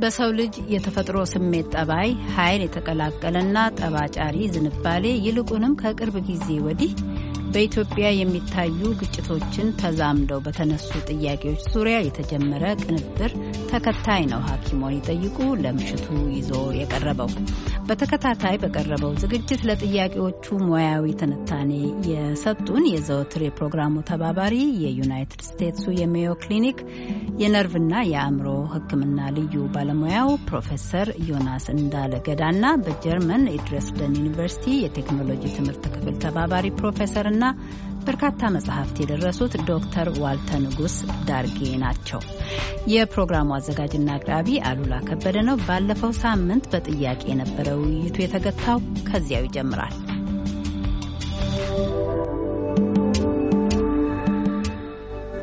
በሰው ልጅ የተፈጥሮ ስሜት ጠባይ ኃይል የተቀላቀለና ጠባጫሪ ዝንባሌ ይልቁንም ከቅርብ ጊዜ ወዲህ በኢትዮጵያ የሚታዩ ግጭቶችን ተዛምደው በተነሱ ጥያቄዎች ዙሪያ የተጀመረ ቅንብር ተከታይ ነው። ሐኪሞን ይጠይቁ ለምሽቱ ይዞ የቀረበው በተከታታይ በቀረበው ዝግጅት ለጥያቄዎቹ ሙያዊ ትንታኔ የሰጡን የዘወትር የፕሮግራሙ ተባባሪ የዩናይትድ ስቴትሱ የሜዮ ክሊኒክ የነርቭና የአእምሮ ሕክምና ልዩ ባለሙያው ፕሮፌሰር ዮናስ እንዳለ ገዳና በጀርመን የድሬስደን ዩኒቨርሲቲ የቴክኖሎጂ ትምህርት ክፍል ተባባሪ ፕሮፌሰርና በርካታ መጽሐፍት የደረሱት ዶክተር ዋልተ ንጉስ ዳርጌ ናቸው። የፕሮግራሙ አዘጋጅና አቅራቢ አሉላ ከበደ ነው። ባለፈው ሳምንት በጥያቄ የነበረ ውይይቱ የተገታው ከዚያው ይጀምራል።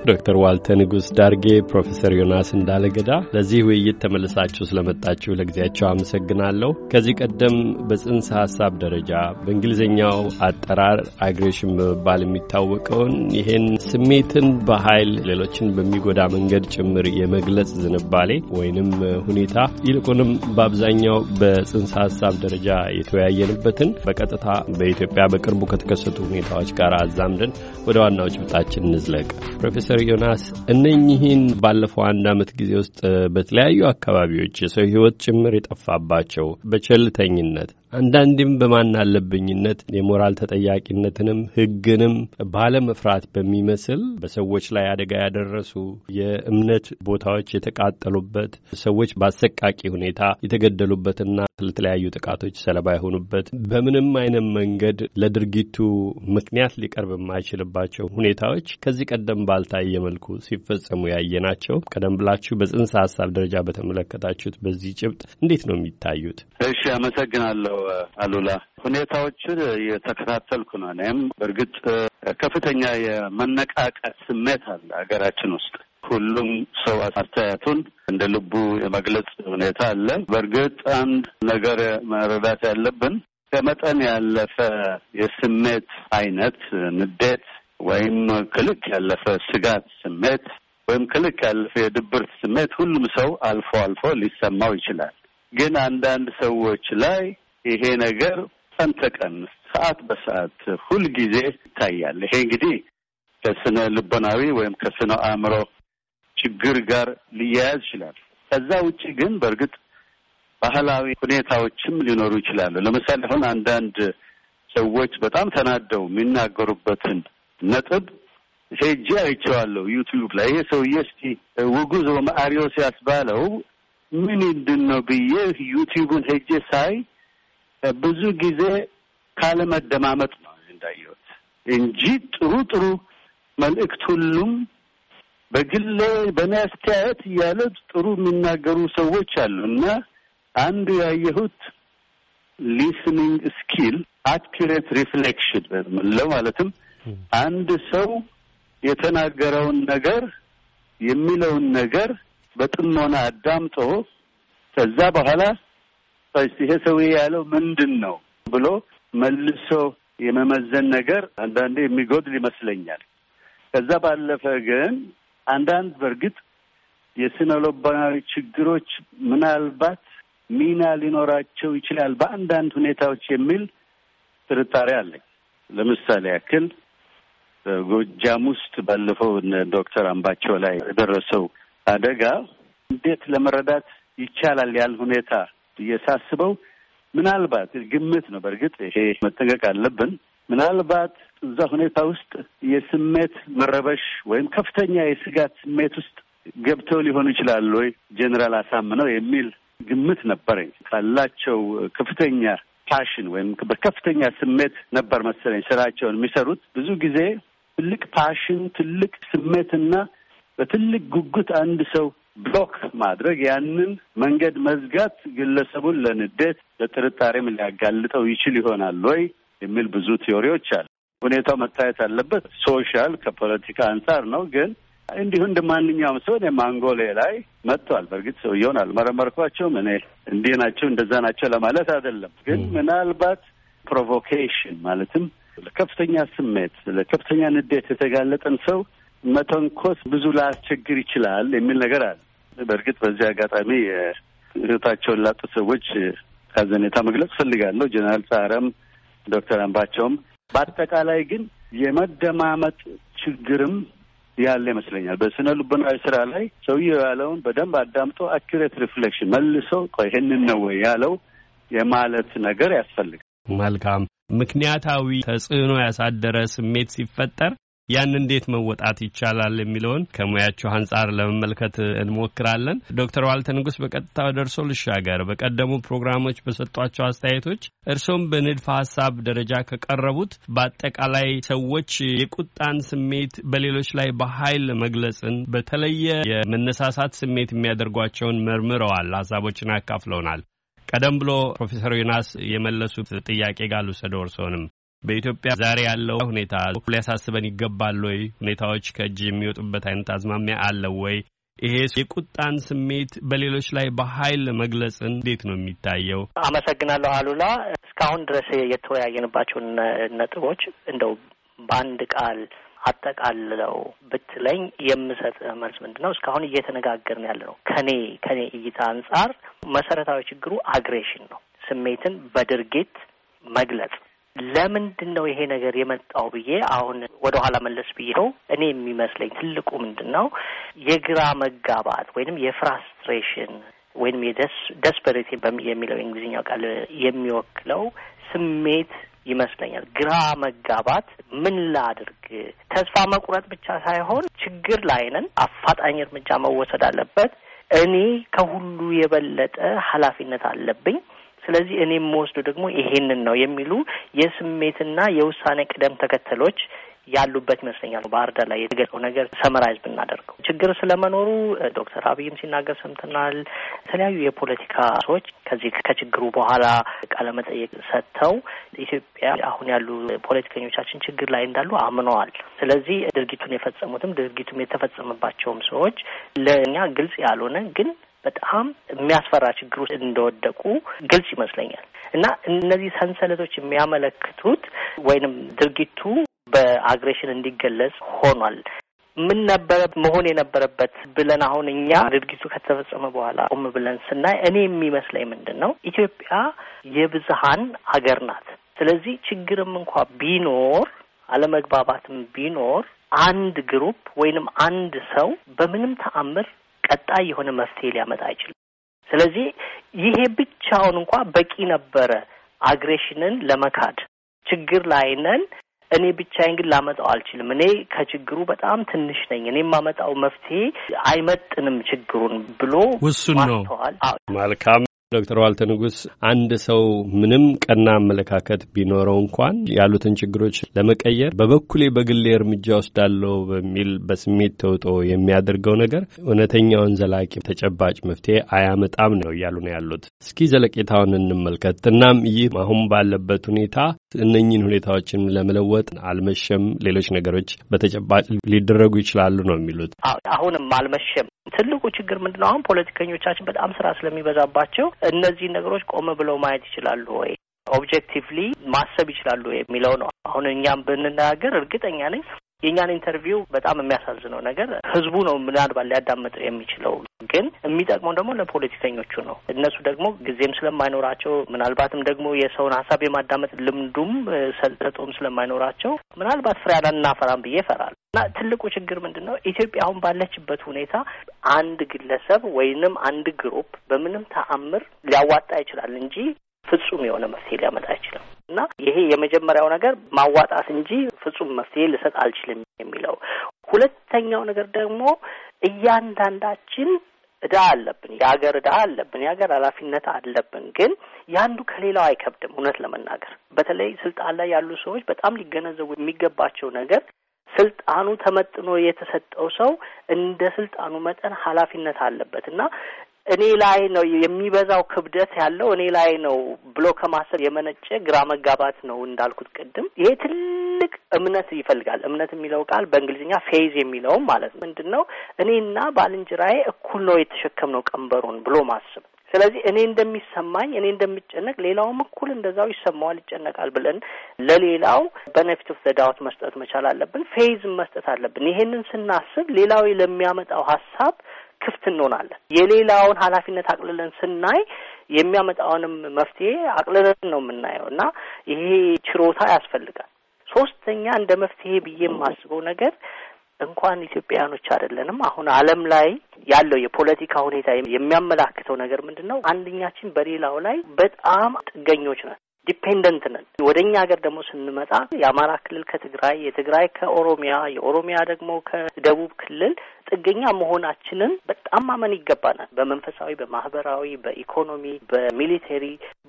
ዶክተር ዋልተ ንጉስ ዳርጌ፣ ፕሮፌሰር ዮናስ እንዳለገዳ ለዚህ ውይይት ተመልሳችሁ ስለመጣችሁ ለጊዜያቸው አመሰግናለሁ። ከዚህ ቀደም በጽንሰ ሀሳብ ደረጃ በእንግሊዝኛው አጠራር አግሬሽን በመባል የሚታወቀውን ይህን ስሜትን በኃይል ሌሎችን በሚጎዳ መንገድ ጭምር የመግለጽ ዝንባሌ ወይንም ሁኔታ ይልቁንም በአብዛኛው በጽንሰ ሀሳብ ደረጃ የተወያየንበትን በቀጥታ በኢትዮጵያ በቅርቡ ከተከሰቱ ሁኔታዎች ጋር አዛምደን ወደ ዋናው ጭብጣችን እንዝለቅ ዶክተር ዮናስ እነኚህን ባለፈው አንድ ዓመት ጊዜ ውስጥ በተለያዩ አካባቢዎች የሰው ሕይወት ጭምር የጠፋባቸው በቸልተኝነት አንዳንዴም በማን አለብኝነት የሞራል ተጠያቂነትንም ሕግንም ባለመፍራት በሚመስል በሰዎች ላይ አደጋ ያደረሱ የእምነት ቦታዎች የተቃጠሉበት ሰዎች በአሰቃቂ ሁኔታ የተገደሉበትና ለተለያዩ ጥቃቶች ሰለባ የሆኑበት በምንም አይነት መንገድ ለድርጊቱ ምክንያት ሊቀርብ የማይችልባቸው ሁኔታዎች ከዚህ ቀደም ባልታየ መልኩ ሲፈጸሙ ያየ ናቸው። ቀደም ብላችሁ በጽንሰ ሀሳብ ደረጃ በተመለከታችሁት በዚህ ጭብጥ እንዴት ነው የሚታዩት? እሺ፣ አመሰግናለሁ። አሉላ። ሁኔታዎችን እየተከታተልኩ ነው። እኔም በእርግጥ ከፍተኛ የመነቃቃት ስሜት አለ ሀገራችን ውስጥ። ሁሉም ሰው አስተያየቱን እንደ ልቡ የመግለጽ ሁኔታ አለ። በእርግጥ አንድ ነገር መረዳት ያለብን ከመጠን ያለፈ የስሜት አይነት ንዴት፣ ወይም ክልክ ያለፈ ስጋት ስሜት ወይም ክልክ ያለፈ የድብርት ስሜት ሁሉም ሰው አልፎ አልፎ ሊሰማው ይችላል። ግን አንዳንድ ሰዎች ላይ ይሄ ነገር ቀን ተቀን ሰዓት በሰዓት ሁልጊዜ ይታያል። ይሄ እንግዲህ ከስነ ልቦናዊ ወይም ከስነ አእምሮ ችግር ጋር ሊያያዝ ይችላል። ከዛ ውጭ ግን በእርግጥ ባህላዊ ሁኔታዎችም ሊኖሩ ይችላሉ። ለምሳሌ አሁን አንዳንድ ሰዎች በጣም ተናደው የሚናገሩበትን ነጥብ ሄጄ አይቼዋለሁ ዩቲዩብ ላይ ይሄ ሰውዬ እስቲ ውጉዝ ወመአርዮስ ያስባለው ምን ምንድን ነው ብዬ ዩቲዩብን ሄጄ ሳይ ብዙ ጊዜ ካለመደማመጥ ነው እንዳየሁት እንጂ ጥሩ ጥሩ መልእክት ሁሉም በግሌ በእኔ አስተያየት እያለ ጥሩ የሚናገሩ ሰዎች አሉ እና አንዱ ያየሁት ሊስኒንግ ስኪል አኪሬት ሪፍሌክሽን ምንለው ማለትም አንድ ሰው የተናገረውን ነገር የሚለውን ነገር በጥሞና አዳምጦ ከዛ በኋላ ይሄ ሰውዬ ያለው ምንድን ነው ብሎ መልሶ የመመዘን ነገር አንዳንዴ የሚጎድል ይመስለኛል። ከዛ ባለፈ ግን አንዳንድ በእርግጥ የስነ ልቦናዊ ችግሮች ምናልባት ሚና ሊኖራቸው ይችላል በአንዳንድ ሁኔታዎች የሚል ጥርጣሬ አለኝ። ለምሳሌ ያክል በጎጃም ውስጥ ባለፈው ዶክተር አምባቸው ላይ የደረሰው አደጋ እንዴት ለመረዳት ይቻላል ያል ሁኔታ እየሳስበው ምናልባት ግምት ነው። በእርግጥ ይሄ መጠንቀቅ አለብን። ምናልባት እዛ ሁኔታ ውስጥ የስሜት መረበሽ ወይም ከፍተኛ የስጋት ስሜት ውስጥ ገብተው ሊሆኑ ይችላሉ ወይ ጄኔራል አሳምነው የሚል ግምት ነበረኝ። ካላቸው ከፍተኛ ፓሽን ወይም በከፍተኛ ስሜት ነበር መሰለኝ ስራቸውን የሚሰሩት። ብዙ ጊዜ ትልቅ ፓሽን፣ ትልቅ ስሜትና በትልቅ ጉጉት አንድ ሰው ብሎክ ማድረግ ያንን መንገድ መዝጋት ግለሰቡን ለንዴት ለጥርጣሬም ሊያጋልጠው ይችል ይሆናል ወይ የሚል ብዙ ቲዎሪዎች አሉ። ሁኔታው መታየት ያለበት ሶሻል ከፖለቲካ አንጻር ነው። ግን እንዲሁ እንደ ማንኛውም ሰው እኔ ማንጎሌ ላይ መጥቷል። በእርግጥ ሰውየውን አልመረመርኳቸውም። እኔ እንዲህ ናቸው እንደዛ ናቸው ለማለት አይደለም። ግን ምናልባት ፕሮቮኬሽን ማለትም ለከፍተኛ ስሜት ለከፍተኛ ንዴት የተጋለጠን ሰው መተንኮስ ብዙ ላስቸግር ይችላል የሚል ነገር አለ። በእርግጥ በዚህ አጋጣሚ ህይወታቸውን ላጡት ሰዎች ሀዘኔታ መግለጽ ፈልጋለሁ። ጀነራል ሳረም፣ ዶክተር አምባቸውም በአጠቃላይ ግን የመደማመጥ ችግርም ያለ ይመስለኛል። በስነ ልቦናዊ ስራ ላይ ሰውየው ያለውን በደንብ አዳምጦ አኪሬት ሪፍሌክሽን መልሶ ይህንን ነው ወይ ያለው የማለት ነገር ያስፈልጋል። መልካም ምክንያታዊ ተጽዕኖ ያሳደረ ስሜት ሲፈጠር ያን እንዴት መወጣት ይቻላል የሚለውን ከሙያቸው አንጻር ለመመልከት እንሞክራለን። ዶክተር ዋልተ ንጉስ በቀጥታ ወደ ልሻገር። በቀደሙ ፕሮግራሞች በሰጧቸው አስተያየቶች እርሶም በንድፈ ሀሳብ ደረጃ ከቀረቡት በአጠቃላይ ሰዎች የቁጣን ስሜት በሌሎች ላይ በኃይል መግለጽን በተለየ የመነሳሳት ስሜት የሚያደርጓቸውን መርምረዋል፣ ሀሳቦችን አካፍለውናል። ቀደም ብሎ ፕሮፌሰር ዮናስ የመለሱት ጥያቄ ጋር ልውሰደው እርስዎንም በኢትዮጵያ ዛሬ ያለው ሁኔታ ሊያሳስበን ይገባል ወይ? ሁኔታዎች ከእጅ የሚወጡበት አይነት አዝማሚያ አለው ወይ? ይሄ የቁጣን ስሜት በሌሎች ላይ በኃይል መግለጽ እንዴት ነው የሚታየው? አመሰግናለሁ አሉላ። እስካሁን ድረስ የተወያየንባቸውን ነጥቦች እንደው በአንድ ቃል አጠቃልለው ብትለኝ የምሰጥ መልስ ምንድን ነው? እስካሁን እየተነጋገርን ያለ ነው። ከኔ ከኔ እይታ አንጻር መሰረታዊ ችግሩ አግሬሽን ነው። ስሜትን በድርጊት መግለጽ ለምንድን ነው ይሄ ነገር የመጣው ብዬ አሁን ወደ ኋላ መለስ ብዬ ነው። እኔ የሚመስለኝ ትልቁ ምንድን ነው የግራ መጋባት ወይንም የፍራስትሬሽን ወይንም የደስፐሬቲ የሚለው የእንግሊዝኛው ቃል የሚወክለው ስሜት ይመስለኛል። ግራ መጋባት ምን ላድርግ፣ ተስፋ መቁረጥ ብቻ ሳይሆን ችግር ላይ ነን፣ አፋጣኝ እርምጃ መወሰድ አለበት፣ እኔ ከሁሉ የበለጠ ኃላፊነት አለብኝ ስለዚህ እኔ የምወስዱ ደግሞ ይሄንን ነው የሚሉ የስሜትና የውሳኔ ቅደም ተከተሎች ያሉበት ይመስለኛል። ባህር ዳር ላይ የተገለጸው ነገር ሰመራይዝ ብናደርገው ችግር ስለመኖሩ ዶክተር አብይም ሲናገር ሰምተናል። የተለያዩ የፖለቲካ ሰዎች ከዚህ ከችግሩ በኋላ ቃለመጠየቅ ሰጥተው ኢትዮጵያ አሁን ያሉ ፖለቲከኞቻችን ችግር ላይ እንዳሉ አምነዋል። ስለዚህ ድርጊቱን የፈጸሙትም ድርጊቱም የተፈጸመባቸውም ሰዎች ለእኛ ግልጽ ያልሆነ ግን በጣም የሚያስፈራ ችግር ውስጥ እንደወደቁ ግልጽ ይመስለኛል እና እነዚህ ሰንሰለቶች የሚያመለክቱት ወይንም ድርጊቱ በአግሬሽን እንዲገለጽ ሆኗል። ምን ነበረ መሆን የነበረበት ብለን አሁን እኛ ድርጊቱ ከተፈጸመ በኋላ ቆም ብለን ስናይ እኔ የሚመስለኝ ምንድን ነው ኢትዮጵያ የብዝሃን ሀገር ናት። ስለዚህ ችግርም እንኳ ቢኖር አለመግባባትም ቢኖር አንድ ግሩፕ ወይንም አንድ ሰው በምንም ተአምር ቀጣይ የሆነ መፍትሄ ሊያመጣ አይችልም። ስለዚህ ይሄ ብቻውን እንኳ በቂ ነበረ አግሬሽንን ለመካድ። ችግር ላይ ነን። እኔ ብቻዬን ግን ላመጣው አልችልም። እኔ ከችግሩ በጣም ትንሽ ነኝ። እኔ የማመጣው መፍትሄ አይመጥንም ችግሩን ብሎ ውሱን ነው። መልካም ዶክተር ዋልተ ንጉስ አንድ ሰው ምንም ቀና አመለካከት ቢኖረው እንኳን ያሉትን ችግሮች ለመቀየር በበኩሌ በግሌ እርምጃ ወስዳለሁ በሚል በስሜት ተውጦ የሚያደርገው ነገር እውነተኛውን ዘላቂ ተጨባጭ መፍትሄ አያመጣም ነው እያሉ ነው ያሉት። እስኪ ዘለቄታውን እንመልከት። እናም ይህ አሁን ባለበት ሁኔታ እነኝን ሁኔታዎችን ለመለወጥ አልመሸም፣ ሌሎች ነገሮች በተጨባጭ ሊደረጉ ይችላሉ ነው የሚሉት። አሁንም አልመሸም ትልቁ ችግር ምንድነው? አሁን ፖለቲከኞቻችን በጣም ስራ ስለሚበዛባቸው እነዚህን ነገሮች ቆም ብለው ማየት ይችላሉ ወይ ኦብጀክቲቭሊ ማሰብ ይችላሉ የሚለው ነው። አሁን እኛም ብንነጋገር እርግጠኛ ነኝ የእኛን ኢንተርቪው በጣም የሚያሳዝነው ነገር ህዝቡ ነው ምናልባት ሊያዳምጥ የሚችለው፣ ግን የሚጠቅመው ደግሞ ለፖለቲከኞቹ ነው። እነሱ ደግሞ ጊዜም ስለማይኖራቸው ምናልባትም ደግሞ የሰውን ሀሳብ የማዳመጥ ልምዱም ሰልጠጡም ስለማይኖራቸው ምናልባት ፍሬ አናፈራም ብዬ እፈራለሁ። እና ትልቁ ችግር ምንድን ነው? ኢትዮጵያ አሁን ባለችበት ሁኔታ አንድ ግለሰብ ወይንም አንድ ግሩፕ በምንም ተአምር ሊያዋጣ ይችላል እንጂ ፍጹም የሆነ መፍትሄ ሊያመጣ አይችልም። እና ይሄ የመጀመሪያው ነገር ማዋጣት እንጂ ፍጹም መፍትሄ ልሰጥ አልችልም የሚለው። ሁለተኛው ነገር ደግሞ እያንዳንዳችን እዳ አለብን። የሀገር እዳ አለብን። የሀገር ኃላፊነት አለብን። ግን ያንዱ ከሌላው አይከብድም። እውነት ለመናገር በተለይ ስልጣን ላይ ያሉ ሰዎች በጣም ሊገነዘቡ የሚገባቸው ነገር ስልጣኑ ተመጥኖ የተሰጠው ሰው እንደ ስልጣኑ መጠን ኃላፊነት አለበት እና እኔ ላይ ነው የሚበዛው ክብደት ያለው እኔ ላይ ነው ብሎ ከማሰብ የመነጨ ግራ መጋባት ነው እንዳልኩት ቅድም። ይሄ ትልቅ እምነት ይፈልጋል። እምነት የሚለው ቃል በእንግሊዝኛ ፌዝ የሚለውም ማለት ነው። ምንድን ነው እኔና ባልንጅራዬ እኩል ነው የተሸከምነው ቀንበሩን ብሎ ማስብ ስለዚህ እኔ እንደሚሰማኝ እኔ እንደምጨነቅ ሌላውም እኩል እንደዛው ይሰማዋል፣ ይጨነቃል ብለን ለሌላው በነፊት ኦፍ ዘዳውት መስጠት መቻል አለብን። ፌዝ መስጠት አለብን። ይሄንን ስናስብ ሌላው ለሚያመጣው ሀሳብ ክፍት እንሆናለን። የሌላውን ኃላፊነት አቅልለን ስናይ የሚያመጣውንም መፍትሄ አቅልለን ነው የምናየው እና ይሄ ችሮታ ያስፈልጋል። ሶስተኛ እንደ መፍትሄ ብዬ የማስበው ነገር እንኳን ኢትዮጵያውያኖች አይደለንም። አሁን ዓለም ላይ ያለው የፖለቲካ ሁኔታ የሚያመላክተው ነገር ምንድን ነው? አንደኛችን በሌላው ላይ በጣም ጥገኞች ነን፣ ዲፔንደንት ነን። ወደ እኛ ሀገር ደግሞ ስንመጣ የአማራ ክልል ከትግራይ፣ የትግራይ ከኦሮሚያ፣ የኦሮሚያ ደግሞ ከደቡብ ክልል ጥገኛ መሆናችንን በጣም ማመን ይገባናል። በመንፈሳዊ፣ በማህበራዊ፣ በኢኮኖሚ፣ በሚሊተሪ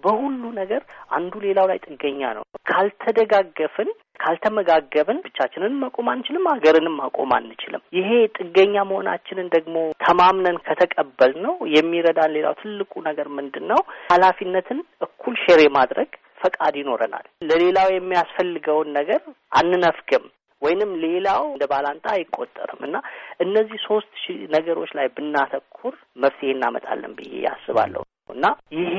በሁሉ ነገር አንዱ ሌላው ላይ ጥገኛ ነው። ካልተደጋገፍን ካልተመጋገብን ብቻችንን መቆም አንችልም፣ ሀገርንም ማቆም አንችልም። ይሄ ጥገኛ መሆናችንን ደግሞ ተማምነን ከተቀበል ነው የሚረዳን። ሌላው ትልቁ ነገር ምንድን ነው? ኃላፊነትን እኩል ሼር ማድረግ ፈቃድ ይኖረናል። ለሌላው የሚያስፈልገውን ነገር አንነፍግም ወይንም ሌላው እንደ ባላንጣ አይቆጠርም እና እነዚህ ሶስት ነገሮች ላይ ብናተኩር መፍትሄ እናመጣለን ብዬ ያስባለሁ እና ይሄ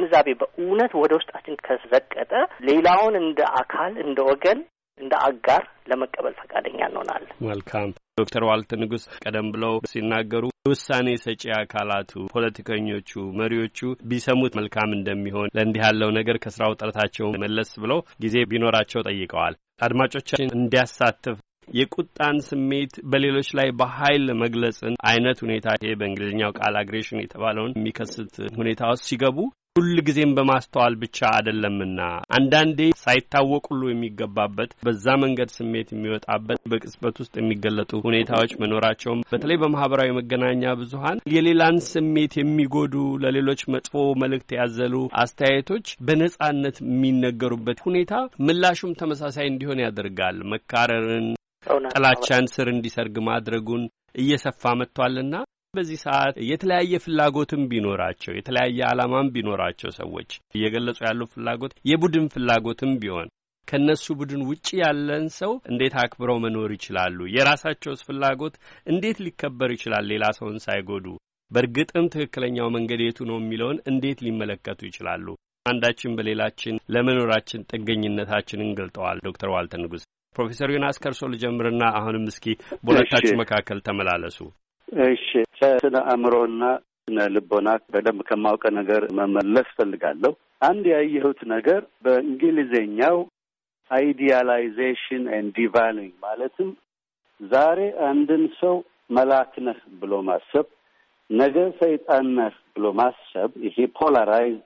ግንዛቤ በእውነት ወደ ውስጣችን ከዘቀጠ ሌላውን እንደ አካል እንደ ወገን እንደ አጋር ለመቀበል ፈቃደኛ እንሆናለን። መልካም ዶክተር ዋልት ንጉስ ቀደም ብለው ሲናገሩ ውሳኔ ሰጪ አካላቱ ፖለቲከኞቹ፣ መሪዎቹ ቢሰሙት መልካም እንደሚሆን ለእንዲህ ያለው ነገር ከስራ ውጥረታቸው መለስ ብለው ጊዜ ቢኖራቸው ጠይቀዋል። አድማጮቻችን እንዲያሳትፍ የቁጣን ስሜት በሌሎች ላይ በኃይል መግለጽን አይነት ሁኔታ ይሄ በእንግሊዝኛው ቃል አግሬሽን የተባለውን የሚከስት ሁኔታ ውስጥ ሲገቡ ሁል ጊዜም በማስተዋል ብቻ አይደለምና አንዳንዴ ሳይታወቅ ሁሉ የሚገባበት በዛ መንገድ ስሜት የሚወጣበት በቅጽበት ውስጥ የሚገለጡ ሁኔታዎች መኖራቸውም በተለይ በማህበራዊ መገናኛ ብዙሀን የሌላን ስሜት የሚጎዱ ለሌሎች መጥፎ መልእክት ያዘሉ አስተያየቶች በነጻነት የሚነገሩበት ሁኔታ ምላሹም ተመሳሳይ እንዲሆን ያደርጋል። መካረርን፣ ጥላቻን ስር እንዲሰርግ ማድረጉን እየሰፋ መጥቷልና በዚህ ሰዓት የተለያየ ፍላጎትም ቢኖራቸው የተለያየ ዓላማም ቢኖራቸው ሰዎች እየገለጹ ያለው ፍላጎት የቡድን ፍላጎትም ቢሆን ከእነሱ ቡድን ውጭ ያለን ሰው እንዴት አክብረው መኖር ይችላሉ? የራሳቸውስ ፍላጎት እንዴት ሊከበር ይችላል? ሌላ ሰውን ሳይጎዱ በእርግጥም ትክክለኛው መንገድ የቱ ነው የሚለውን እንዴት ሊመለከቱ ይችላሉ? አንዳችን በሌላችን ለመኖራችን ጥገኝነታችንን ገልጠዋል ዶክተር ዋልተ ንጉስ ፕሮፌሰር ዮናስ ከርሶ ልጀምርና አሁንም እስኪ በሁለታችሁ መካከል ተመላለሱ። እሺ ስለ አእምሮና ስነ ልቦና በደንብ ከማውቀ ነገር መመለስ ፈልጋለሁ። አንድ ያየሁት ነገር በእንግሊዝኛው አይዲያላይዜሽን ኤንድ ዲቫሊንግ ማለትም ዛሬ አንድን ሰው መልአክ ነህ ብሎ ማሰብ፣ ነገ ሰይጣን ነህ ብሎ ማሰብ፣ ይሄ ፖላራይዝ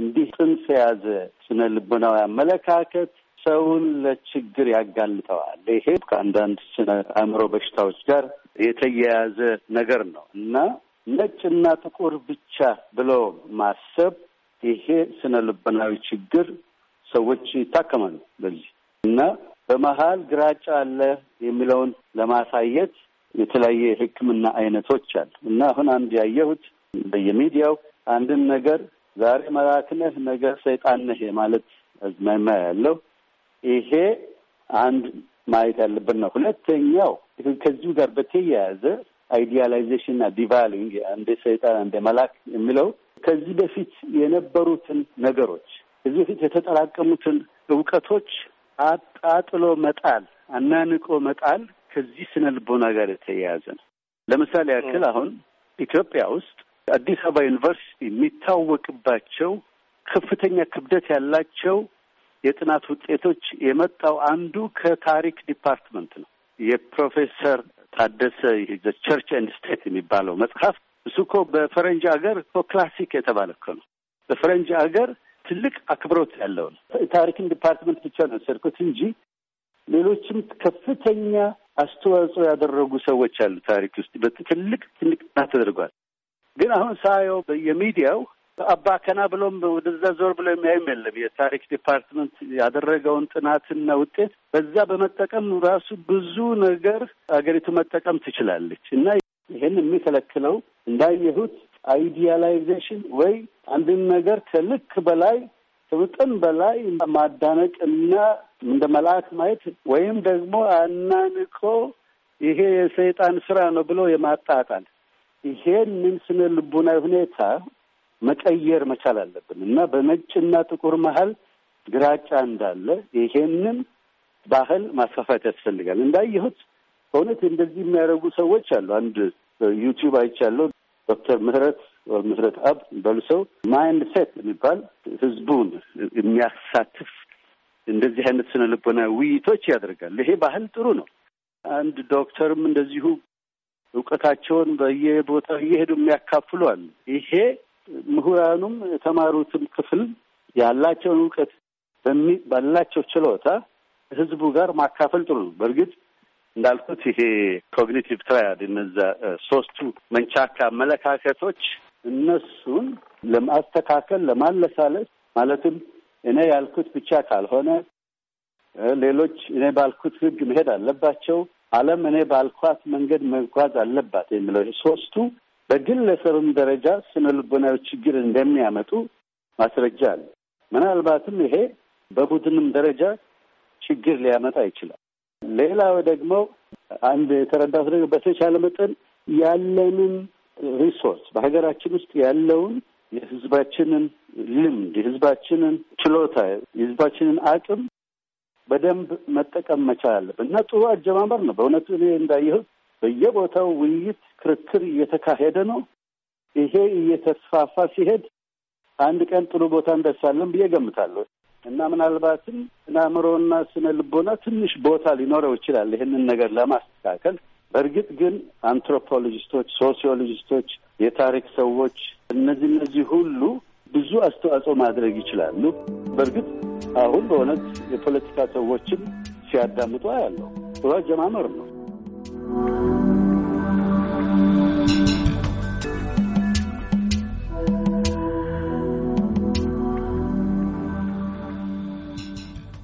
እንዲህ ጽንፍ የያዘ ስነ ልቦናዊ አመለካከት ሰውን ለችግር ያጋልጠዋል። ይሄ ከአንዳንድ ስነ አእምሮ በሽታዎች ጋር የተያያዘ ነገር ነው እና ነጭና ጥቁር ብቻ ብሎ ማሰብ ይሄ ስነ ልቦናዊ ችግር ሰዎች ይታከማሉ በዚህ እና በመሀል ግራጫ አለ የሚለውን ለማሳየት የተለያየ የሕክምና አይነቶች አሉ እና አሁን አንድ ያየሁት በየሚዲያው አንድን ነገር ዛሬ መልአክ ነህ ነገ ሰይጣን ነህ ማለት አዝማሚያ ያለው ይሄ አንድ ማየት ያለብን ነው። ሁለተኛው ከዚሁ ጋር በተያያዘ አይዲያላይዜሽን እና ዲቫሊንግ እንደ ሰይጣን እንደ መላክ የሚለው ከዚህ በፊት የነበሩትን ነገሮች ከዚህ በፊት የተጠራቀሙትን እውቀቶች አጣጥሎ መጣል፣ አናንቆ መጣል ከዚህ ስነ ልቦና ጋር የተያያዘ ነው። ለምሳሌ ያክል አሁን ኢትዮጵያ ውስጥ አዲስ አበባ ዩኒቨርሲቲ የሚታወቅባቸው ከፍተኛ ክብደት ያላቸው የጥናት ውጤቶች የመጣው አንዱ ከታሪክ ዲፓርትመንት ነው። የፕሮፌሰር ታደሰ ዘ ቸርች ኤንድ ስቴት የሚባለው መጽሐፍ እሱ እኮ በፈረንጅ ሀገር እኮ ክላሲክ የተባለ እኮ ነው። በፈረንጅ ሀገር ትልቅ አክብሮት ያለው ነው። ታሪክን ዲፓርትመንት ብቻ ነው የወሰድኩት እንጂ ሌሎችም ከፍተኛ አስተዋጽኦ ያደረጉ ሰዎች አሉ ታሪክ ውስጥ ትልቅ ትልቅ ተደርጓል። ግን አሁን ሳየው በየሚዲያው አባከና ብሎም ወደዛ ዞር ብሎ የሚያዩም የለም። የታሪክ ዲፓርትመንት ያደረገውን ጥናትና ውጤት በዛ በመጠቀም ራሱ ብዙ ነገር አገሪቱ መጠቀም ትችላለች እና ይህን የሚከለክለው እንዳየሁት አይዲያላይዜሽን ወይ አንድን ነገር ከልክ በላይ ከመጠን በላይ ማዳነቅ እና እንደ መልአክ ማየት ወይም ደግሞ አናንቆ ይሄ የሰይጣን ስራ ነው ብሎ የማጣጣል ይሄንን ስነ ልቡናዊ ሁኔታ መቀየር መቻል አለብን እና በነጭና ጥቁር መሀል ግራጫ እንዳለ ይሄንን ባህል ማስፋፋት ያስፈልጋል። እንዳየሁት በእውነት እንደዚህ የሚያደርጉ ሰዎች አሉ። አንድ ዩቲዩብ አይቻለሁ። ዶክተር ምህረት ምህረት አብ በሉ ሰው ማይንድ ሴት የሚባል ህዝቡን የሚያሳትፍ እንደዚህ አይነት ስነ ልቦና ውይይቶች ያደርጋል። ይሄ ባህል ጥሩ ነው። አንድ ዶክተርም እንደዚሁ እውቀታቸውን በየቦታው እየሄዱ የሚያካፍሉ አሉ። ይሄ ምሁራኑም የተማሩትም ክፍል ያላቸውን እውቀት ባላቸው ችሎታ ህዝቡ ጋር ማካፈል ጥሩ ነው። በእርግጥ እንዳልኩት ይሄ ኮግኒቲቭ ትራያድ እነዛ ሶስቱ መንቻካ አመለካከቶች እነሱን ለማስተካከል ለማለሳለስ ማለትም እኔ ያልኩት ብቻ ካልሆነ ሌሎች እኔ ባልኩት ህግ መሄድ አለባቸው፣ ዓለም እኔ ባልኳት መንገድ መጓዝ አለባት የሚለው ሶስቱ በግለሰብም ደረጃ ስነ ልቦናዊ ችግር እንደሚያመጡ ማስረጃ አለ። ምናልባትም ይሄ በቡድንም ደረጃ ችግር ሊያመጣ ይችላል። ሌላው ደግሞ አንድ የተረዳሁት ነገር በተቻለ መጠን ያለንን ሪሶርስ በሀገራችን ውስጥ ያለውን የህዝባችንን ልምድ፣ የህዝባችንን ችሎታ፣ የህዝባችንን አቅም በደንብ መጠቀም መቻል አለብን እና ጥሩ አጀማመር ነው። በእውነቱ እኔ እንዳየሁት በየቦታው ውይይት፣ ክርክር እየተካሄደ ነው። ይሄ እየተስፋፋ ሲሄድ አንድ ቀን ጥሩ ቦታ እንደርሳለን ብዬ ገምታለሁ እና ምናልባትም ስናምሮና ስነ ልቦና ትንሽ ቦታ ሊኖረው ይችላል ይህንን ነገር ለማስተካከል። በእርግጥ ግን አንትሮፖሎጂስቶች፣ ሶሲዮሎጂስቶች፣ የታሪክ ሰዎች እነዚህ እነዚህ ሁሉ ብዙ አስተዋጽኦ ማድረግ ይችላሉ። በእርግጥ አሁን በእውነት የፖለቲካ ሰዎችን ሲያዳምጡ አያለሁ። ጥሩ አጀማመር ነው።